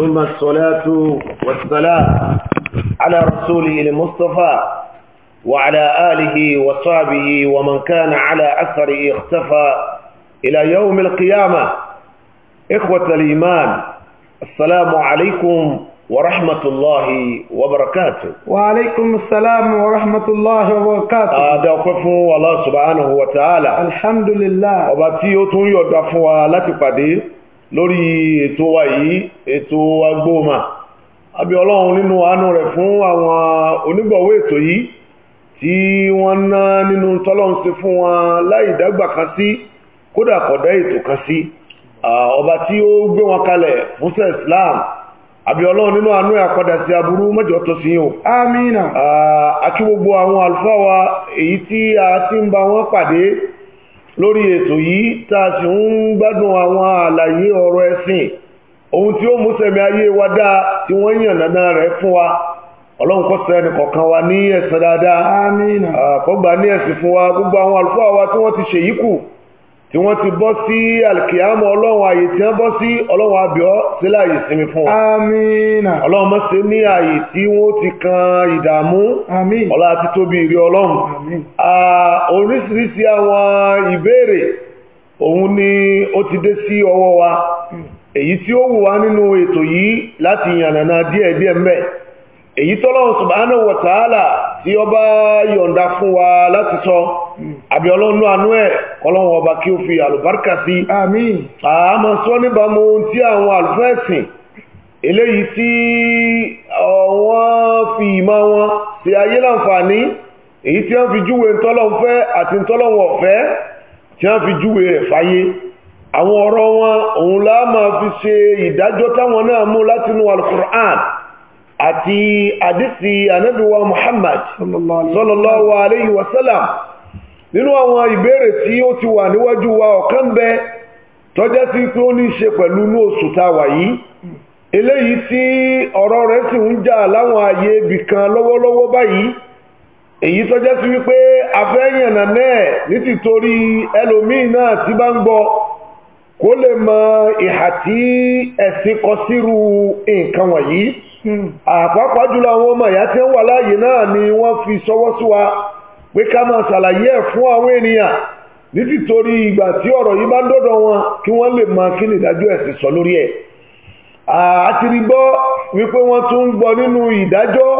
ثم الصلاة والسلام على رسوله المصطفى وعلى آله وصحبه ومن كان على أثره اختفى إلى يوم القيامة إخوة الإيمان السلام عليكم ورحمة الله وبركاته وعليكم السلام ورحمة الله وبركاته هذا وقف الله سبحانه وتعالى الحمد لله Alhamdulillah Ọba tí ó lórí ètò wa yìí ètò agbóhùnmá àbí ọlọ́run nínú àánú rẹ̀ fún àwọn onígbọ̀wọ́ ètò yìí tí wọ́n ná nínú tọ́lọ́run ṣe fún wọn láì dágbà kan sí kódà kọ̀dá ètò kan sí ọba tí ó gbé wọn kalẹ̀ fúnṣẹ́ Islam àbí ọlọ́run nínú àánú ẹ̀ àpadà sí aburú mẹ́jọ tó sí yín o. amina. àti gbogbo àwọn àlùfáà wa èyí tí a ti ń bá wọn pàdé lórí ètò yìí tá sì ń gbádùn àwọn àlàyé ọ̀rọ̀ ẹ̀sìn ohun tí ó mú sẹ̀mí ayé wa dáa tí wọ́n yàn nàná rẹ̀ fún wa ọlọ́run kó ṣe ẹnì kọ̀ọ̀kan wa ní ẹ̀san dáadáa àmín kó ní ẹ̀sìn fún wa gbogbo àwọn àlùfáà wa tí wọ́n ti ṣèyí kù tí wọ́n ti bọ́ sí alkiyama ọlọ́run ààyè tí wọ́n bọ́ sí ọlọ́run àbíọ́ sílẹ̀ ààyè sinmi fún ọlọ́run sí ní ààyè tí wọ́n ti kan ìdààmú. àmín. ọlá àti tóbi ìrí ọlọ́run. àmín. oríṣiríṣi àwọn ìbéèrè òun ni ó ti dé sí ọwọ́ wa hmm. èyí tí ó wù wá nínú ètò yìí láti die díẹ̀díẹ̀ mbẹ́. èyí tọ́lọ́run subhanahu wa ta'ala tí ó bá yọ̀ǹda fún wa láti sọ àbí ọlọ́nu àánú ẹ̀ kọlọ́run ọba kí ó fi àlùbáríkà sí àmín àmọ́ sọ níbàámu tí àwọn àlùfẹ́ẹ̀sìn eléyìí tí wọ́n fi ìmọ̀ wọn ṣe ayé láǹfààní èyí tí wọ́n fi júwe tọ́lọ́run fẹ́ àti tọ́lọ́run ọ̀fẹ́ tí wọ́n fi júwe ẹ̀ fáyé àwọn ọ̀rọ̀ wọn òun la fi ṣe ìdájọ́ táwọn náà mú látinú alukur'an àti àdísì anaduwa muhammad sallallahu alayhi wa sallam nínú àwọn ìbẹ̀rẹ̀ tí ó ti wà níwájú wa ọ̀kan bẹ tọ́já sí pé ó ní ṣe pẹ̀lú ní oṣù ta wà yìí eléyìí tí ọ̀rọ̀ rẹ̀ sì ń jà láwọn ààyè lọ́wọ́lọ́wọ́ báyìí ti bá ń kó lè mọ ìhà tí ẹ̀sìn kọ sírú nǹkan wọ̀nyí hmm. àpapọ̀ jùlọ àwọn ọmọ ìyá tí ń wà láàyè náà ni wọ́n fi sọwọ́ sí wa pé ká máa ṣàlàyé ẹ̀ fún àwọn ènìyàn ní títorí ìgbà tí ọ̀rọ̀ yìí bá ń dọ́dọ̀ wọn kí wọ́n lè mọ kí nìdájọ́ ẹ̀sìn sọ lórí ẹ̀ àtìrí gbọ́ wípé wọ́n tún ń gbọ́ nínú ìdájọ́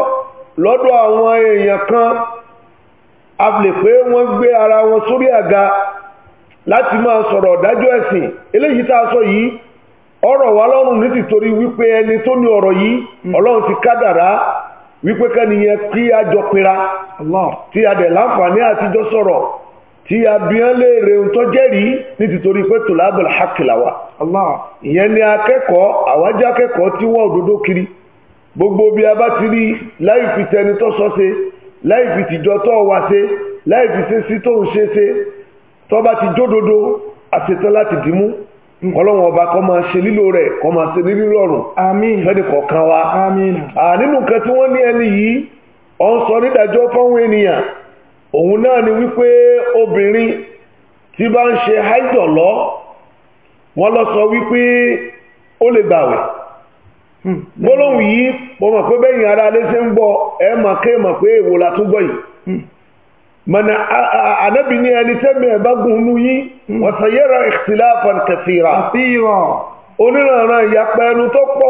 lọ́dọ̀ àwọn èèyàn kan a lè pé wọ́n gbé ara wọn sórí àga láti máa sọ̀rọ̀ dájọ́ ẹ̀sìn eléyìí tá a sọ yìí ọ̀rọ̀ wa lọ́rùn ní tìtorí wípé ẹni tó ní ọ̀rọ̀ yìí hmm. ọlọ́run ti kádàrá wípé kẹ́niyẹn kí a jọ pera tí a dẹ̀ láǹfààní àtijọ́ sọ̀rọ̀ tí a bí án léèrè ń tọ́ jẹ́rìí ní tìtorí pé tòlábọ̀ hákìláwà ìyẹn ni akẹ́kọ̀ọ́ àwájá akẹ́kọ̀ọ́ tí wọ́n òdodo kiri gbogbo bí a bá ti rí láì fi tẹni tó sọ ṣe láì fi tìjọ tó wá ṣe láì fi ṣe sí tó ń ṣe ṣe t'ọba ti jódodo àṣetán láti dìímú ọlọ́run ọba kó máa ṣe lílo rẹ̀ kó máa ṣe ní rírọ̀rùn fẹ́ni kọ̀ọ̀kan wa nínú nǹkan tí wọ́n ní ẹni yìí ọ ń sọ nídàjọ́ fáwọn ènìyàn òun náà ni wípé obìnrin tí bá ń ṣe háìdọ̀ lọ wọ́n lọ sọ wípé ó lè gbàwẹ̀ hmm. gbólóhùn yìí mo mọ̀ pé bẹ́yìn ara lé ṣe ń bọ̀ ẹ̀ mọ̀ ké mọ̀ pé èwo la tún gbọ́ yìí hmm. mọ̀nà ànábì ní ẹni tẹ́mi ẹ̀bá gúnnú yí wọ́n sàyẹ́rọ ìtìláfàn kẹsìrà onírànà ìyapa ẹnu tó pọ̀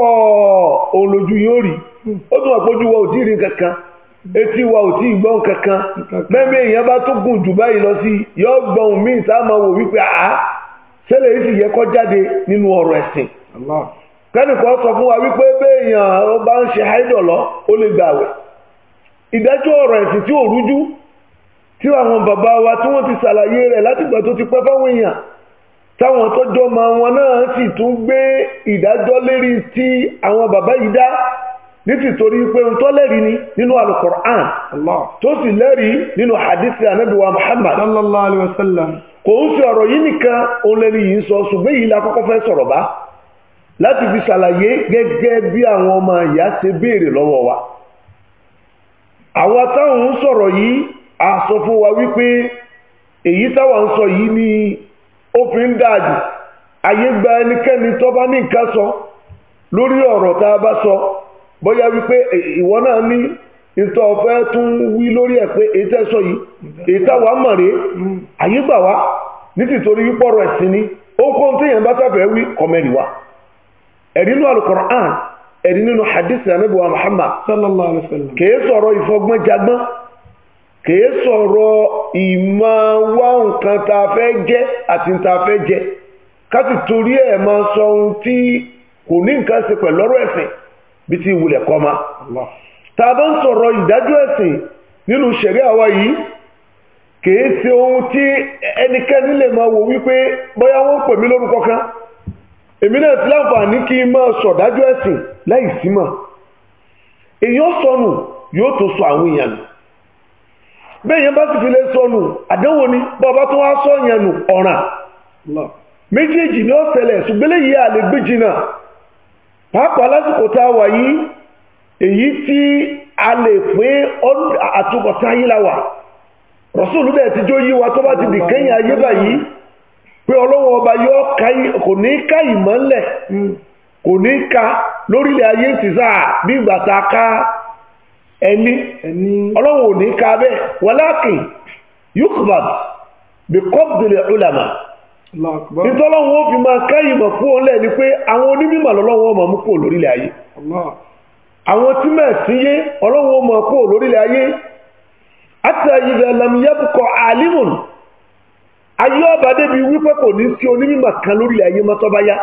olójú yóò rí ó tún àpójú wa ò tí ì rí kankan etí wa ò tí ì gbọ́n kankan mẹ́mí èèyàn bá tó gùn jù báyìí lọ sí yọ gbọ́n mí sáàmà wò wípé àá sẹ́lẹ̀ yìí sì yẹ kó jáde nínú ọ̀rọ̀ ẹ̀sìn kẹ́nìkan sọ fún wa wípé béèyàn bá ń ṣe háìdọ̀ ó lè gbààwẹ̀ ìdájọ́ ọ̀rọ̀ ẹ̀sìn tí ò rújú tí àwọn bàbá wa tí wọ́n ti ṣàlàyé rẹ̀ látìgbà tó ti pẹ́ fáwọn èèyàn táwọn tọ́jọ́ ma wọn náà sì tún gbé ìdájọ́ lérí tí àwọn bàbá yìí dá nítìtorí pé ń tọ́ lẹ́rìí ni nínú alukur'an tó sì lẹ́rìí nínú hadithi anabiwa muhammad sallallahu alayhi wasallam. sallam kò ń sọ ọ̀rọ̀ yìí nìkan òun lẹ́ni yìí ń sọ ṣùgbọ́n yìí la kọ́kọ́ fẹ́ sọ̀rọ̀ bá láti fi ṣàlàyé gẹ́gẹ́ bí àwọn ọmọ ìyá ṣe béèrè lọ́wọ́ wa àwọn táwọn ń sọ̀rọ̀ yìí a sọ fún wa wípé èyí táwa ń sọ yìí ni ó fi ayé gba ẹnikẹ́ni tó ní nǹkan sọ lórí ọ̀rọ̀ tá sọ bóyá wípé ìwọ náà ní ìtọ́ ọ̀fẹ́ tún wí lórí ẹ̀ pé èyí tẹ́ sọ yìí èyí táwa mọ̀ ayé gbà wá wa ẹ̀rí nínú ẹ̀rí nínú hadith kìí sọ̀rọ̀ ìmọ̀ wá nǹkan tá a fẹ́ jẹ́ àti tá a fẹ́ jẹ ká sì torí ẹ̀ sọ ohun tí kò ní nǹkan ṣe pẹ̀lú ọ̀rọ̀ ẹ̀sìn bí ti ìwulẹ̀ kọ́ ma tá a bá ń sọ̀rọ̀ ìdájọ́ ẹ̀sìn nínú ṣẹ̀rí àwa yìí ohun tí ẹnikẹ́ni lè máa wò wípé bóyá wọ́n pè mí lórúkọ kan èmi náà ti láǹfààní kí n máa sọ̀dájọ́ ẹ̀sìn láì símọ̀ èèyàn sọnù yóò tún sọ àwọn èèyàn bẹ́yẹn bá sì fi lè sọnù àdánwò ni bọ́ọ̀bá tó wá sọ́yẹn nù ọ̀ràn méjèèjì ni ó ṣẹlẹ̀ ṣùgbélé yìí lè jìnnà pàápàá lásìkò tá a wà yìí èyí tí a lè pé àtúbọ̀tán yìí la wà rọ̀sùlù dẹ̀ ti jó yí wa tó bá ti dì kẹ́yìn ayé báyìí pé ọlọ́wọ́ ọba kò ní ká ìmọ̀lẹ̀ hmm. kò ní ká lórílẹ̀ ayé bí ìgbà ẹ̀mí ọlọ́run ò ní ká bẹ́ẹ̀ walakin yukhbad bi qabdil ma fi máa káyìí mọ̀ fún òun lẹ́ni pé àwọn onímọ̀ lọ́lọ́run ó mú kúrò lórílẹ̀ ayé àwọn tí yé ọlọ́run ó máa lórílẹ̀ ayé hatta idha lam alimun ayé ọba débi wípé kò ní sí onímọ̀ kan lórílẹ̀ ayé mọ́tọ́ bá yá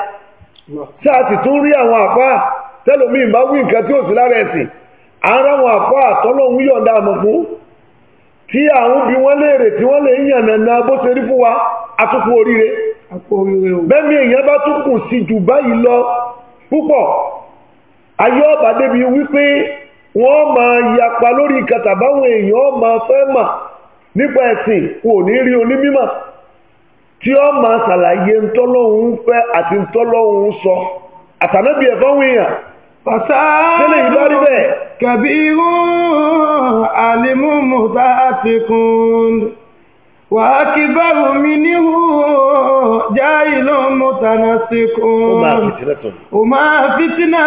ara wọn àfá àtọ́lọ́hún yọ̀ǹda àmọ̀ fún tí àwọn bí wọ́n léèrè tí wọ́n lè yànnàna bó ṣe rí fún wa atukú oríire bẹ́ẹ̀ni èèyàn bá túnkù sí jù báyìí lọ púpọ̀ ayé ọba débi wípé wọ́n ma yapa lórí ìkàtà báwọn èèyàn máa fẹ́ mà nípa ẹ̀sìn kò ní rí tí ó ṣàlàyé ntọ́lọ́hún fẹ́ àti ntọ́lọ́hún sọ Tẹ́lẹ̀ ìbá rí bẹ́ẹ̀. Kàbí irun àlèmú mọ̀tá ti kún. Wà á kí báwo mi níhù já ìlú mọ̀tá náà sí kún. máa fìtínà tún. Ó máa fìtínà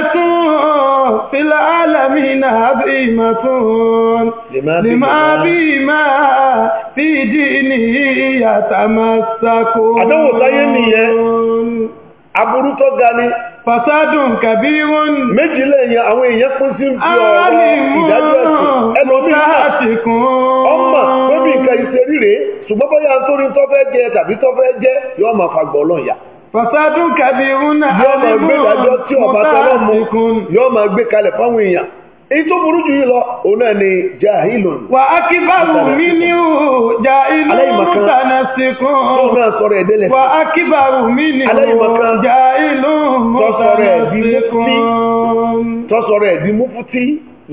náà bí ìmà tún. Lè máa bí ìmà fìdí ní ìyàtà máa sákò. Àdánwò láyé nìyẹn aburú tó ga ni fasadun kabirun méjì lẹ́yìn àwọn èèyàn pín sí bí ọ̀rọ̀ ìdájọ́ ẹ̀sìn ẹlòmíì ọmọ bébì nǹkan ìṣerí rèé ṣùgbọ́n bóyá nítorí tó fẹ́ jẹ tàbí tó fẹ́ jẹ yóò máa fagbọ́ ọlọ́run yá fasadun kabirun alimun mọ́tàsíkun yóò máa gbé kalẹ̀ fáwọn èèyàn èyí tó burú jù yìí lọ òun náà ni jahilun. wà á kí báwo mi ní o jahilun mutanasikun. tó náà sọ̀rọ̀ ẹ̀ délẹ̀. wà á kí báwo mi ní o jahilun mutanasikun. tó sọ̀rọ̀ ẹ̀ di mufti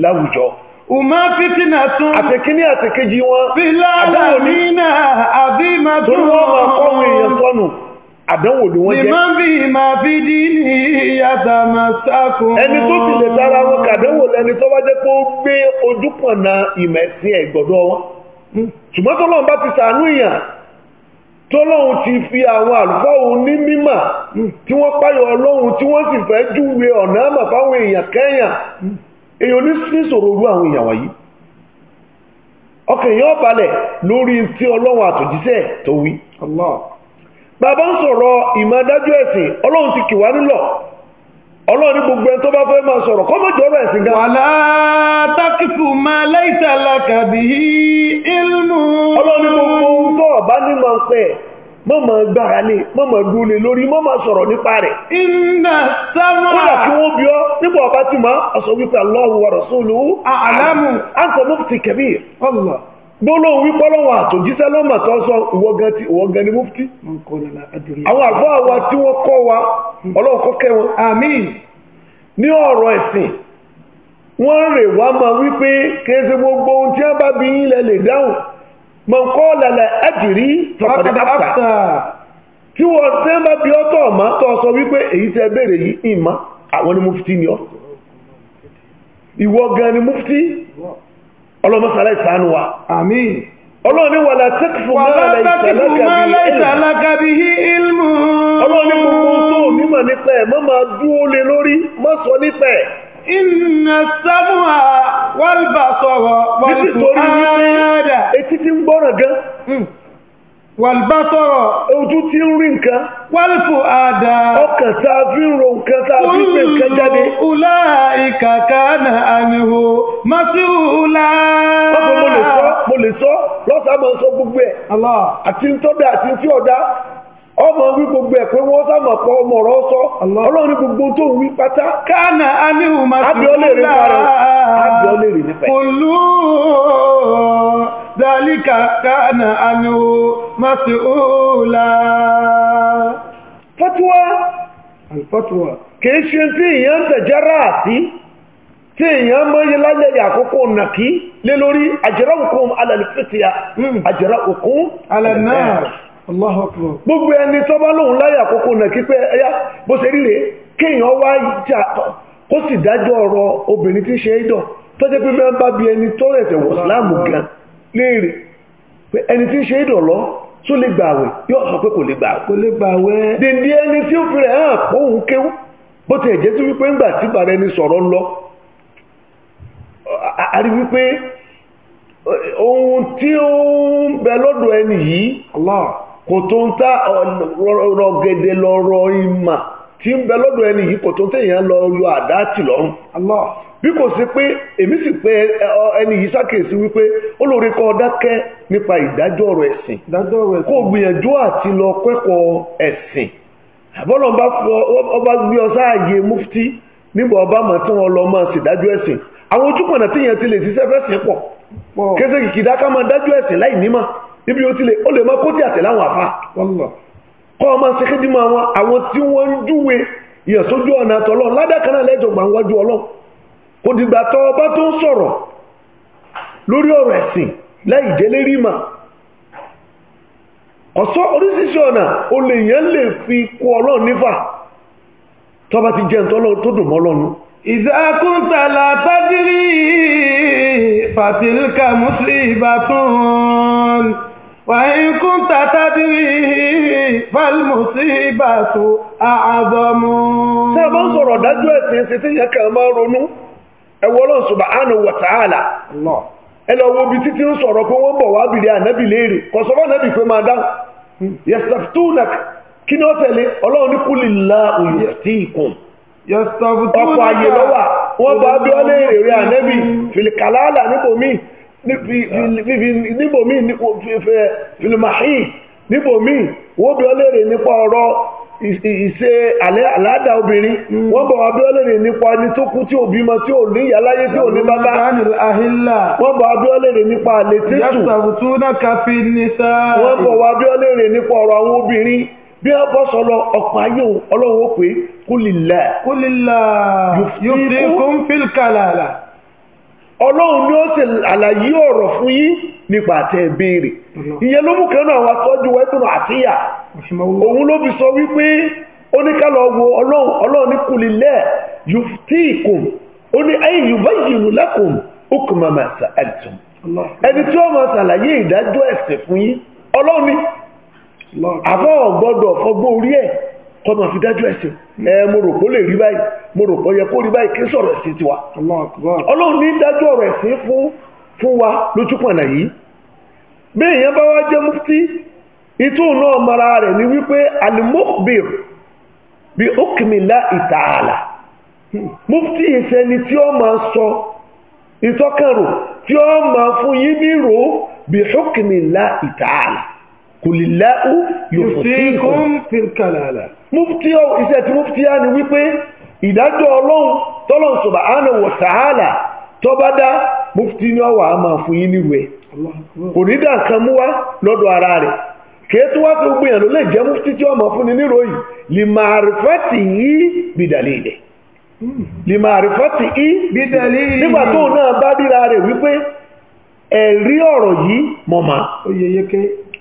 láwùjọ. Uma fitina tún. Àti kíní wọn. Filalami náà àbí Torí wọ́n máa kọ́ àwọn èèyàn sọnù àdánwò ni wọ́n jẹ́. lè máa fi máa fi dí ní ìyàtà máa sákùn. ẹni tó ti lè tara wọn kàdánwò lẹni tó bá jẹ́ pé gbé ojúpọ̀nà ìmẹ̀sìn ẹ̀gbọ̀dọ̀ wọn. ṣùgbọ́n tọ́lọ́run bá ti sàánú èèyàn tọ́lọ́run ti fi àwọn àlùfáà òun ní mímọ̀ tí wọ́n páyọ̀ ọlọ́run tí wọ́n sì fẹ́ júwe ọ̀nà àmọ̀ fáwọn èèyàn kẹ́yàn èèyàn ní sísòro orú àwọn èèyàn wọ̀nyí ọkàn èèyàn balẹ̀ lórí tí ọlọ́run àtòjíṣẹ́ tó wí. Allah bàbá ń sọ̀rọ̀ ìmọ̀dájú ẹ̀sìn ọlọ́run ti kìwá nílọ̀ ọlọ́run ní gbogbo ẹni tó bá fẹ́ máa sọ̀rọ̀ kọ́mọ̀ jọ̀rọ̀ ẹ̀sìn gan. wàlá tákìfù máa ilmu. ọlọ́run ní gbogbo ohun tó ọ̀bá ní máa ń pẹ́ mọ́ máa gbára lé mọ́ máa lórí mọ́ máa sọ̀rọ̀ nípa rẹ̀. iná sámà. kódà kí wọ́n bí ọ nígbà ọba tí ma ọ̀sọ̀ wípé gbóló wípọ́ lọ́wọ́ àtòjíṣẹ́ lọ́mà tó sọ ti ni mufti àwọn àlùfáà wa tí wọ́n kọ́ wa kẹwọn ní ọ̀rọ̀ ẹ̀sìn wọ́n rè wá wípé kéèsè ohun tí bá bí dáhùn mọ̀ kọ́ lẹ̀lẹ̀ ẹ̀dìrí fàkàdàkàtà sọ ọlọ́mọ́sàlá ìsànú wa àmín ọlọ́run ní wàlá tẹ́kùfù máa láìsà lágàbí ilmù ọlọ́run ní gbogbo tó mímọ̀ nípa ẹ̀ mọ́ máa dúó lé lórí mọ́ sọ nípa ẹ̀ inna sámúà wal basara wal fuada etí ti ń gbọ́ràn gan hmm. wàlbátọ́rọ̀ ojú ti ń rí nǹkan wálfù àdá ọkàn tá a fi ń ro nǹkan tá a fi pè nǹkan jáde ulá ìkàkà mo sọ mo lè sọ lọ́sàmọ́ sọ gbogbo ẹ̀ àti ati àti tí ọ̀dá ọmọ wí gbogbo ẹ̀ pé wọ́n sáàmà pọ̀ ọmọ ọ̀rọ̀ sọ ọlọ́run gbogbo tó wí pátá kánà rẹ̀ nípa rẹ̀ ذلك كان عنه مسؤولا fatwa alfatwa kìí ṣe tí èèyàn tẹ̀jára àti tí èèyàn mọ́yí láyẹ̀yà àkókò nàkí lé lórí àjẹ́rà òkun alàlìfẹ́tìyà àjẹ́rà òkun alànáà Allahu Akbar gbogbo ẹni tó bá lóhun naki àkókò nàkí pé ẹyá bó ṣe rí rèé kéèyàn wá ọrọ kó sì dájọ́ ọ̀rọ̀ obìnrin tí ń ṣe é gan léèrè pé ẹni tí ń ṣe ìdọ̀lọ́ tó lè yóò pé kò lè kò lè gbààwẹ̀ dèndé ẹni tí ó fi rẹ̀ hàn pọ̀ òun kéwú bó ti ẹ̀jẹ̀ wípé ńgbà tí sọ̀rọ̀ lọ a wípé ohun tí ó ń bẹ lọ́dọ̀ ẹni ta lọ́rọ̀ ìmà tí ń bẹ lọ́dọ̀ ẹni yìí kò tó téèyàn lọ yọ àdá tì lọ́rùn bí kò sí pé èmi sì pé ẹni yìí ṣàkíyèsí wípé ó lóore kọ́ dákẹ́ nípa ìdájọ́ ọ̀rọ̀ ẹ̀sìn kó gbìyànjú àti lọ kẹ́kọ̀ọ́ ọba gbé ọ sáàyè mufti nígbà ọba lọ máa ẹ̀sìn àwọn ti lè ṣiṣẹ́ pọ̀ kése máa ẹ̀sìn láì ibi ó ti lè ó kọ́ ọmọ sí kídìmọ̀ àwọn àwọn tí wọ́n ń júwe ìyẹ̀sójú ọ̀nà àtọ̀lọ́ ládàkan náà lẹ́jọ̀ gbàǹwájú ọlọ́run kò dìgbà tọ́ ọba tó ń sọ̀rọ̀ lórí ọ̀rọ̀ ẹ̀sìn láì délé mà ọ̀sọ́ oríṣiríṣi ọ̀nà olè yẹn lè fi kú ọlọ́run nífà tọ́ba ti jẹ́ ntọ́lọ́ tó dùn mọ́ lọ́nu. ìdákùntà làtàdírí fatilka mùsùlùmí ìbátan وإن كنت تدري فالمصيبة أعظم a sọ̀rọ̀ ẹ̀sìn ronú wa ẹ lọ wo ibi títí ń sọ̀rọ̀ pé wọ́n bọ̀ wá bìrì ànábì léèrè kò sọ fún ànábì pé máa dáhùn hmm. tẹ̀lé ọlọ́run ní kulillahu yuftikum ọkọ̀ àyè lọ́wà níbò míì nípò wọ́n bí ọlẹ́rẹ̀ nípa ọ̀rọ̀ ìṣe àládà obìnrin hmm. wọ́n bọ̀ wá bí ọlẹ́rẹ̀ nípa ẹni tó kú tí ò bímọ tí ò ní ìyáláyé tí ò ní bàbá wọ́n bọ̀ wá bí ọlẹ́rẹ̀ nípa àlétẹ́tù wọ́n bọ̀ wá bí ọlẹ́rẹ̀ nípa ọ̀rọ̀ àwọn obìnrin bí wọ́n bọ́ ọ̀pọ̀ ayé ọlọ́run ni ó ṣe àlàyé ọ̀rọ̀ fún yín nípa àtẹ ìbéèrè ìyẹn ló mú kẹ́nu àwọn aṣọ́jú wẹ́tùnú àtìyà òun ló fi sọ wípé ó ní kálọ̀ wo ọlọ́run ọlọ́run ní kulilẹ̀ yuftikum ó ní ayé yubayyinu lakum hukma ẹni tí ó máa ṣàlàyé ìdájọ́ ẹ̀sìn fún ọlọ́run ni kọ́mọ̀ fi dájú ẹ̀sìn ẹ mo rò pó lè rí báyìí mo rò pó yẹ kó rí báyìí kí sọ̀rọ̀ ẹ̀sìn tiwa ọlọ́run ní dájú ọ̀rọ̀ ẹ̀sìn fún fún wa lójúpọ̀nà yìí bí èèyàn bá wá jẹ́ mufti ìtú náà mara rẹ̀ ni wípé alimokbir bí okimila ìtààlà mufti ìsẹni tí ó máa sọ ìtọ́kànrò tí ó máa fún yín ní rò bí okimila ìtààlà kùlìláhù yòfòtíkùn fìrkàlàlà. mufti ọ iṣẹ́ tí mufti á ni wípé ìdájọ́ ọlọ́run tọ́lọ̀ subhanahu wa ta'ala tó bá dá mufti ní ọwà á máa fún yín nírú ẹ̀ kò ní dá nǹkan mú wá lọ́dọ̀ ara rẹ̀ kí tó wá tó gbìyànjú ló lè jẹ́ mufti tí ó máa fún ni níròyìn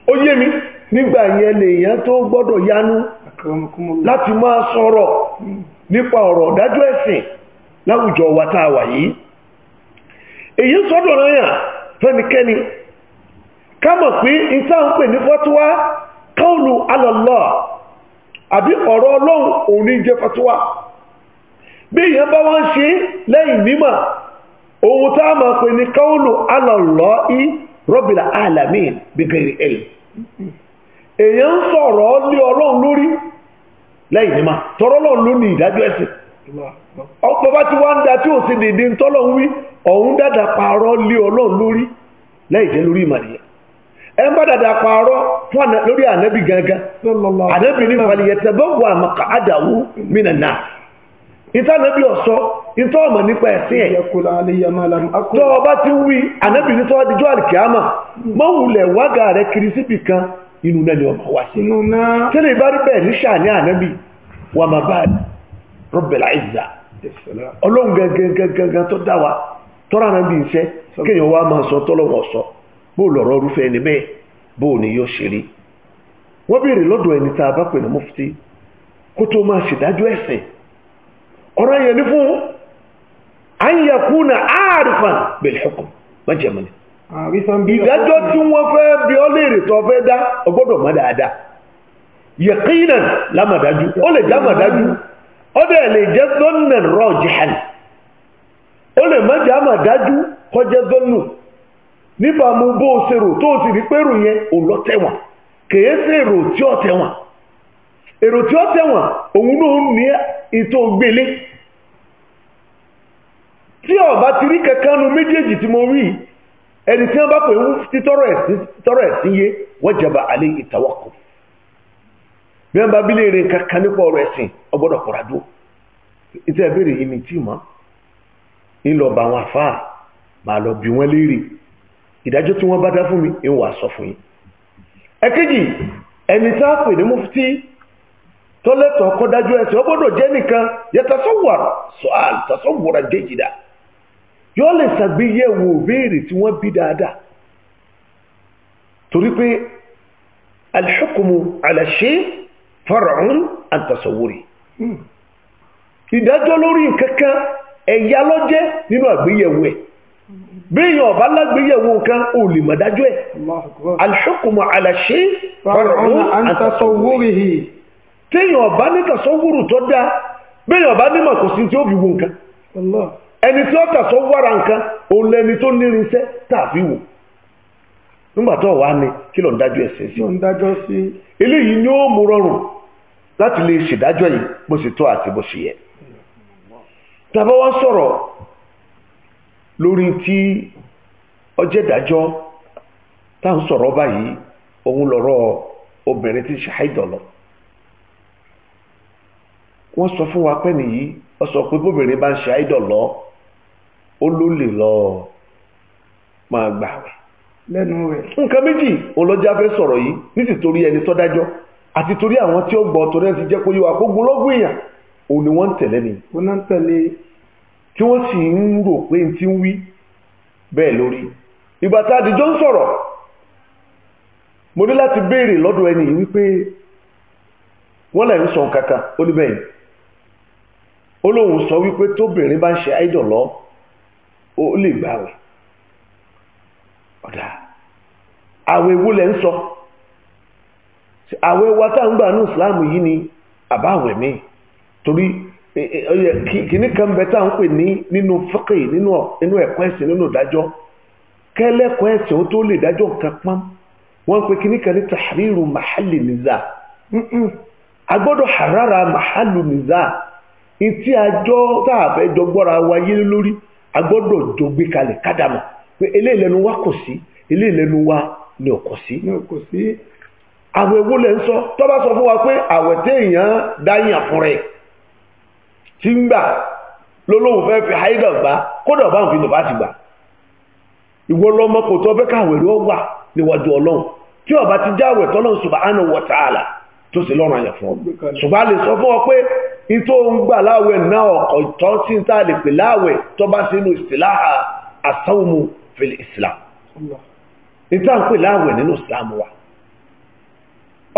ó yé mi nígbà yẹn lèèyàn tó gbọ́dọ̀ yánú láti máa sọ̀rọ̀ nípa ọ̀rọ̀ dájú ẹ̀sìn láwùjọ wa tá a wà yìí èyí sọ́dọ̀ ráyàn fẹ́nikẹ́ni ká mọ̀ pé pè ní fọ́tíwá alọ́lọ́ àbí a mọ̀ pé ní èèyàn ń sọ̀rọ̀ lé ọlọ́run lórí lẹ́yìn ni ma. tọrọ lọ́run ló ní ìdájọ́ ẹ̀sìn ọ̀pọ̀ bá ti wá ń da tí ò sí dèdè ń tọ́lọ́run wí ọ̀hún dàdà pààrọ̀ lé ọlọ́run lórí lẹ́yìn jẹ́ lórí ìmàlẹ́yà ẹ ń bá dàdà pààrọ̀ lórí gangan ìtànàbí ọsọ ìtọ́ ọmọ nípa ẹ̀sìn ẹ̀ tó ọba ti wí ànábì ní sọ́wọ́ díjọ́ ma mọ́wùlẹ̀ wága rẹ̀ kiri síbì kan inú náà ni ọmọ wa sí tẹ́lẹ̀ ìbárí bẹ́ẹ̀ ní sàní ànábì wà má bá rọ́bẹ̀lá ìzà ọlọ́run gangan tó dá wa tọ́ra ànábì iṣẹ́ kéèyàn wá máa sọ tọ́lọ́wọ̀ sọ bó lọ̀rọ̀ rúfẹ́ ẹni bẹ́ẹ̀ bó ni yóò ṣe rí wọ́n béèrè lọ́dọ̀ ẹni tá a bá pè ní kó tó máa ṣèdájọ́ ẹ̀sìn ọ̀rọ̀ yẹn ní fún an yakuna àrífàn bil hukm mọ́jẹ̀mọ́ ni ìdájọ́ tí wọ́n fẹ́ bí ọ léèrè tó fẹ́ dá ọgbọ́dọ̀ mọ́ dáadáa yaqinan lámàdájú ó lè jámàdájú ó dẹ̀ lè jẹ́ zọ́nà rajihan ó lè má jámàdájú kọjá zọ́nù níbàámu bó o ṣèrò tó o sì rí èrò tí ó tẹ̀wọ̀n òun náà ní ìtò gbélé tí ọba ti rí kankan nu méjèèjì tí mo rí ẹni tí wọ́n bá pè ń tí tọrọ ẹ̀sìn yé wajaba alẹ́ ìtawọ́kù bí wọ́n bá bí léèrè kankan nípa ọ̀rọ̀ ẹ̀sìn ọgbọ́dọ̀ kọ̀ra dúró ìtẹ́ ìbéèrè yìí ni tí mọ́ ńlọ bá wọn àfáà màá lọ bí wọ́n léèrè ìdájọ́ tí wọ́n bá dá fún mi ń wà sọ fún yín ẹ̀kejì ẹni tá a pè ní mufti tó lẹ́tọ̀ọ́ kó dájú ẹsẹ̀ ó gbọ́dọ̀ jẹ́ nìkan yẹ tasọ́wọ́rọ̀ sọ́àl tasọ́wọ́rọ̀ jẹ́jìdá yóò lè ṣàgbéyẹ̀wò béèrè tí wọ́n bí dáadáa torí pé alḥukumu alashe farahun antasawuri ìdájọ́ lórí nǹkankan ẹ̀yà lọ́jẹ́ nínú àgbéyẹ̀wò ẹ̀ béèyàn ọba lágbéyẹ̀wò nǹkan ò lè mọ̀ dájọ́ ẹ̀ alḥukumu alashe farahun antasawuri téèyàn ọba ní tàṣọ́wùrù tó dá béèyàn ọba nímọ̀ kò tí ó fi wo nǹkan ẹni tí ó tàṣọ́wùrà nǹkan òun lẹni tó nírinṣẹ́ tàbí wò nígbà tó wà ní kí ló ń dájọ́ ẹ̀sẹ̀ sí. eléyìí ni ó mú rọrùn láti lè ṣèdájọ́ yìí bó ṣe tó àti bó yẹ. tàbá wá sọ̀rọ̀ lórí tí táwọn sọ̀rọ̀ báyìí òun wọ́n sọ fún wa pé nìyí ọ sọ pé bóbìnrin bá ń ṣe àìdọ̀ lọ ó ló lè lọ máa gbààwẹ̀. lẹ́nu rẹ̀. nǹkan méjì olójà fẹ́ sọ̀rọ̀ yìí nítorí ẹni tó dájọ́ àti torí àwọn tí ó gbọ́ torí ẹ ti jẹ́ pé yóò àpógun lọ́gùn èèyàn òun ni wọ́n ń tẹ̀lé ni. wọ́n náà ń tẹ̀lé. tí wọ́n sì ń rò pé n ti ń wí bẹ́ẹ̀ lórí. ìgbà tá a dìjọ́ ń sọ̀rọ̀ mo ní láti béèrè lọ́dọ̀ ẹni yìí wípé wọ́n lè ń sọ nǹkan kan ó ní bẹ́ẹ̀ ó lóun sọ wípé tóbìnrin bá ń ṣe àìdọ̀lọ́ ó lè gbààwẹ̀ ọ̀dà àwẹ̀ ewu lẹ́ ń sọ àwẹ̀ wa tá ń gbà ní ìsìláàmù yìí ni àbá àwẹ̀ mi torí kìíní kan bẹ tá ń pè ní nínú fẹ́kẹ̀ nínú ẹ̀kọ́ ẹ̀sìn nínú ìdájọ́ kẹ́lẹ́kọ̀ọ́ ẹ̀sìn ó tó lè mahali niza a harara mahali niza ìtí àjọ táàfẹ́ jọ gbọ́ra wáyé lórí a gbọ́dọ̀ kalẹ̀ kádàmà pé eléyìí wa kò sí eléyìí lẹ́nu wa ni ò kò sí. àwẹ̀ wo sọ tó bá sọ fún wa pé àwẹ̀ téèyàn dáyàn fún rẹ̀ ti ń gbà lọ́lọ́hùn fẹ́ fi haidọ̀ gbà kódà ọba ti tó sì lọ́rùn fún ọ ṣùgbọ́n a lè sọ fún ọ pé in tó ń gbà láwẹ̀ náà ọkọ̀ ìtọ́ tí ń pè láwẹ̀ tó bá sínú ìsìláhà àsáwùmù fil islam ìta ń pè láwẹ̀ nínú islam wa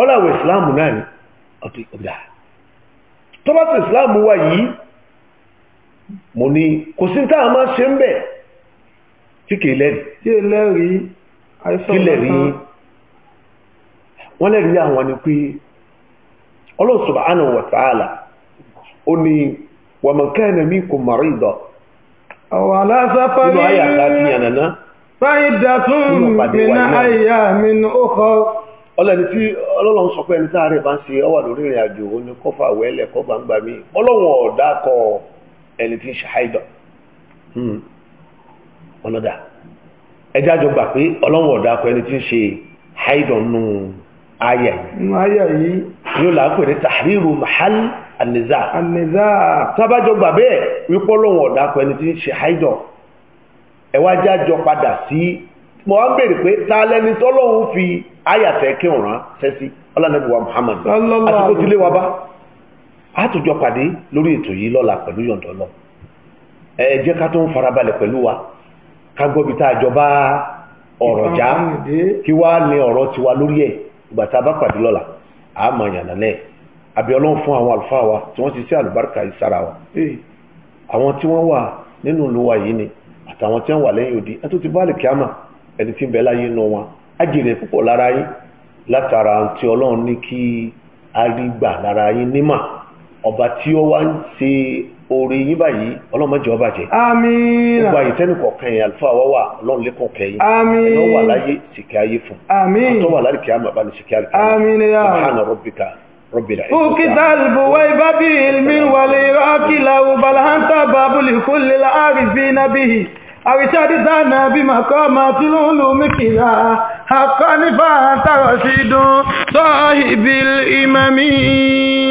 ọláwẹ̀ náà ni ọ̀tọ̀ tó bá sí wa yìí mo ní kò sí ṣe ń bẹ̀ tí lẹ́rìí wọ́n lẹ́rìí àwọn ni ọlọ́run subhanahu wa ta'ala ó ní wa man kana minkum marida àwọn aláṣàfà nínú àyà àti ànàná min ayyamin ọlọ́ni tí ọlọ́run sọ pé ẹni bá ń ṣe ọwà lórí ìrìn àjò gbangba mi ọlọ́run kọ ẹni tí ń ṣe haidọ̀ hmm. ọlọ́dà yóò là ń pè ní tahriru mahal aniza aniza tábàjọ gbà bẹ́ẹ̀ wípọ́ lòun ọ̀dà pẹ̀lú tí ń ṣe haidọ̀ ẹ̀wá jájọ padà sí mo wá ń pé ta lẹni tọ́lọ́hún fi ayàtẹ̀ kí òun rán sẹ́sí ọlọ́nàbíwá Muhammad wa bá àtùjọ pàdé lórí ètò yìí lọ́la pẹ̀lú yọ̀ǹdọ̀ lọ ẹ jẹ́ ká tó ń wa ká gbọ́bi tá a jọ bá ọ̀rọ̀ já kí wá ní ọ̀rọ̀ tiwa àmọ̀ yànnálẹ̀ àbí ọlọ́run fún àwọn àlùfáà wa tí wọ́n ti sí àlùbáríkà yìí sára wa àwọn tí wọ́n wà nínú ìlú yìí ni àtàwọn tí wọ́n wà lẹ́yìn odi ẹtú ti báàlì kíámà ẹni tí ń bẹ láyé nù wọn ájèrè púpọ̀ lára yín látara tí ọlọ́run ní kí arígbà lára yín nímà ọba tí ó wá ń ṣe orí yín báyìí ọlọ́mọjọ́ bàjẹ́. àmín. gbogbo àyè tẹ́nu kọ̀ọ̀kan yẹn àlùfáà wá wà ọlọ́run lé kọ̀ọ̀kan yẹn. àmín. ẹ̀rọ wà láyé sìkì ayé fún. àmín. àtọ́ wà láyé kìí àmà bani sìkì ayé fún. àmín ya. subhana rabbika rabbil izzati. ukita albuwaiba bi ilmin wali la arifi nabihi àríṣàdì dáná bí màkọ́ ma tí ló ń lò mìkìlá akọ́